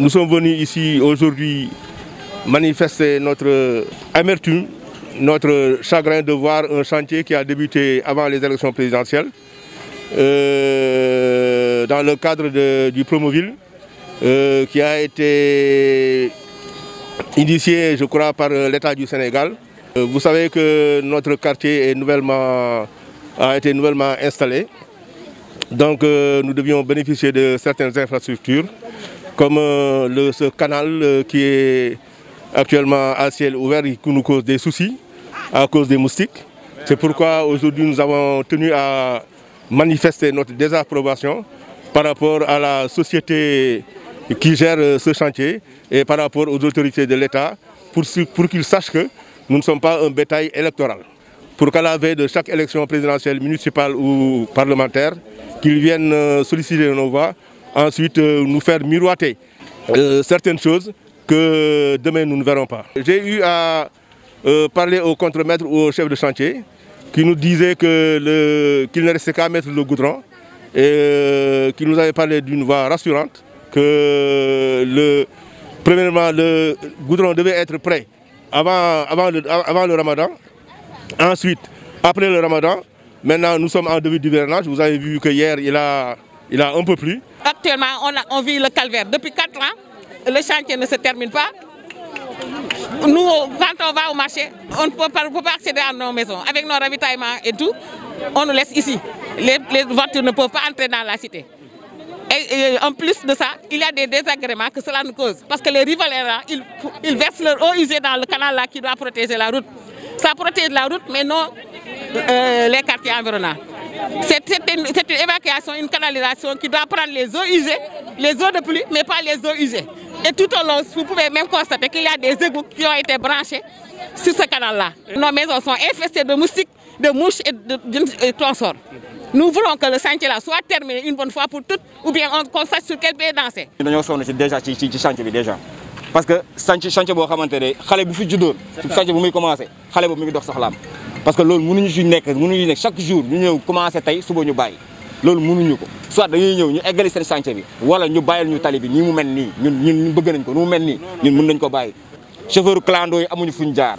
Nous sommes venus ici aujourd'hui manifester notre amertume, notre chagrin de voir un chantier qui a débuté avant les élections présidentielles euh, dans le cadre du Promoville euh, qui a été initié, je crois, par l'État du Sénégal. Euh, vous savez que notre quartier a été nouvellement installé. Donc nous devions bénéficier de certaines infrastructures comme euh, ce canal euh, qui est actuellement à ciel ouvert et qui nous cause des soucis à cause des moustiques. C'est pourquoi aujourd'hui nous avons tenu à manifester notre désapprobation par rapport à la société qui gère euh, ce chantier et par rapport aux autorités de l'État pour, pour qu'ils sachent que nous ne sommes pas un bétail électoral. Pour qu'à la veille de chaque élection présidentielle, municipale ou parlementaire, qu'ils viennent solliciter nos voix ensuite euh, nous faire miroiter euh, certaines choses que demain nous ne verrons pas. J'ai eu à euh, parler au contremaître ou au chef de chantier qui nous disait qu'il ne restait qu'à mettre le goudron et qui nous avait parlé d'une voix rassurante que le, premièrement le goudron devait être prêt avant, avant, le, avant le ramadan. Ensuite, après le ramadan, maintenant nous sommes en début d'hivernage. Vous avez vu que hier il a, il a un peu plu. Actuellement, on, vit le calvaire. Depuis 4 ans, le chantier ne se termine pas. Nous, quand on va au marché, on ne peut pas, accéder à nos maisons. Avec nos ravitaillements et tout, on nous laisse ici. Les, voitures ne peuvent pas entrer dans la cité. Et, en plus de ça, il y a des désagréments que cela nous cause. Parce que les riverains, ils, versent leur eau usée dans le canal là qui doit protéger la route. Ça protège la route, mais non euh, les quartiers environnants. C'est une évacuation, une canalisation qui doit prendre les eaux usées, les eaux de pluie, mais pas les eaux usées. Et tout au long, vous pouvez même constater qu'il y a des égouts qui ont été branchés sur ce canal-là. Nos maisons sont infestées de moustiques, de mouches et de, tronçons. Nous voulons que le chantier-là soit terminé une bonne fois pour toutes, ou bien on constate sur quel pays danser. Nous sommes déjà chantier. Parce que le chantier, c'est le chantier qui commence. parce que loolu mënuñu suñ nekk mënuñu nekk chaque jour ñu ñëw commencé tey suba ñu bàyyi loolu mënuñu ko soit dañuy ñëw ñu eggali seen bi wala ñu bàyyil ñu tali bi nii mu mel nii ñun ñun bëgg nañ ko nu mu mel nii ñun mun nañ ko bàyyi chauffeur clando yi amuñu fuñ jaar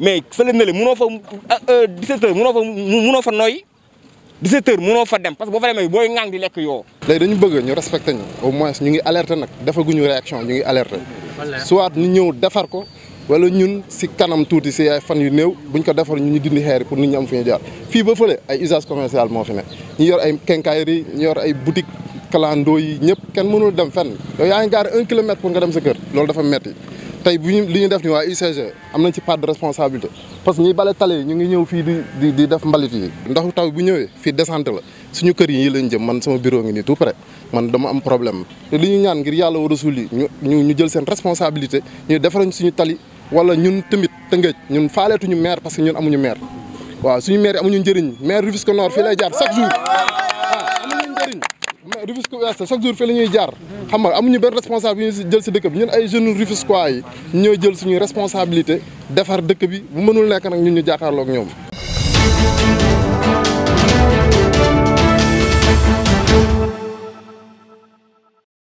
mais fële na le fa 17 ah, euh, heures mënoo fa mënoo fa noyyi 17 heures fa dem parce que boo fa demee booy ŋang di lekk yoo. léegi dañu bëgg ñu respecté ñu au moins ñu ngi alerté nag defaguñu réaction ñu ngi alerté soit ñu ñëw defar ko wala ñun si kanam tuuti si ay fan yu néew buñ ko defar ñu ñu dindi xeer pour nit ñi am fu ñu jaar fii ba fële ay usage commercial moo fi ne ñu yor ay quincaillerie ñu yor ay boutique clando yi ñëpp kenn mënul dem fenn yow yaa ngi un kilomètre pour nga dem sa kër loolu dafa metti tey bu ñu li ñu def ni waa UCG am nañ ci part de responsabilité parce que ñiy bale tali ñu ngi ñëw fii di di di def mbalit yi ndox taw bu ñëwee fii descente la suñu kër yi lañ jëm man sama bureau ngi nii tout près man dama am problème te li ñu ñaan ngir yàlla war a suul yi ñu ñu jël seen responsabilité ñu defarañ suñu tali wala ñun tamit tëngëj ñun faaleetuñu maire parce que ñun amuñu maire waa suñu maire yi amuñu njëriñ maire Rufisque Nord fii lay jaar chaque jour Rufisque Ouest ah, chaque jour fait la ñuy xam nga amuñu benn responsable ñu jël si dëkk bi ñun ay jeunes Rufisquois yi ñoy jël suñu responsabilité défar dëkk bi bu mënul nekk nak ñun ñu jàkkaarloog ñoom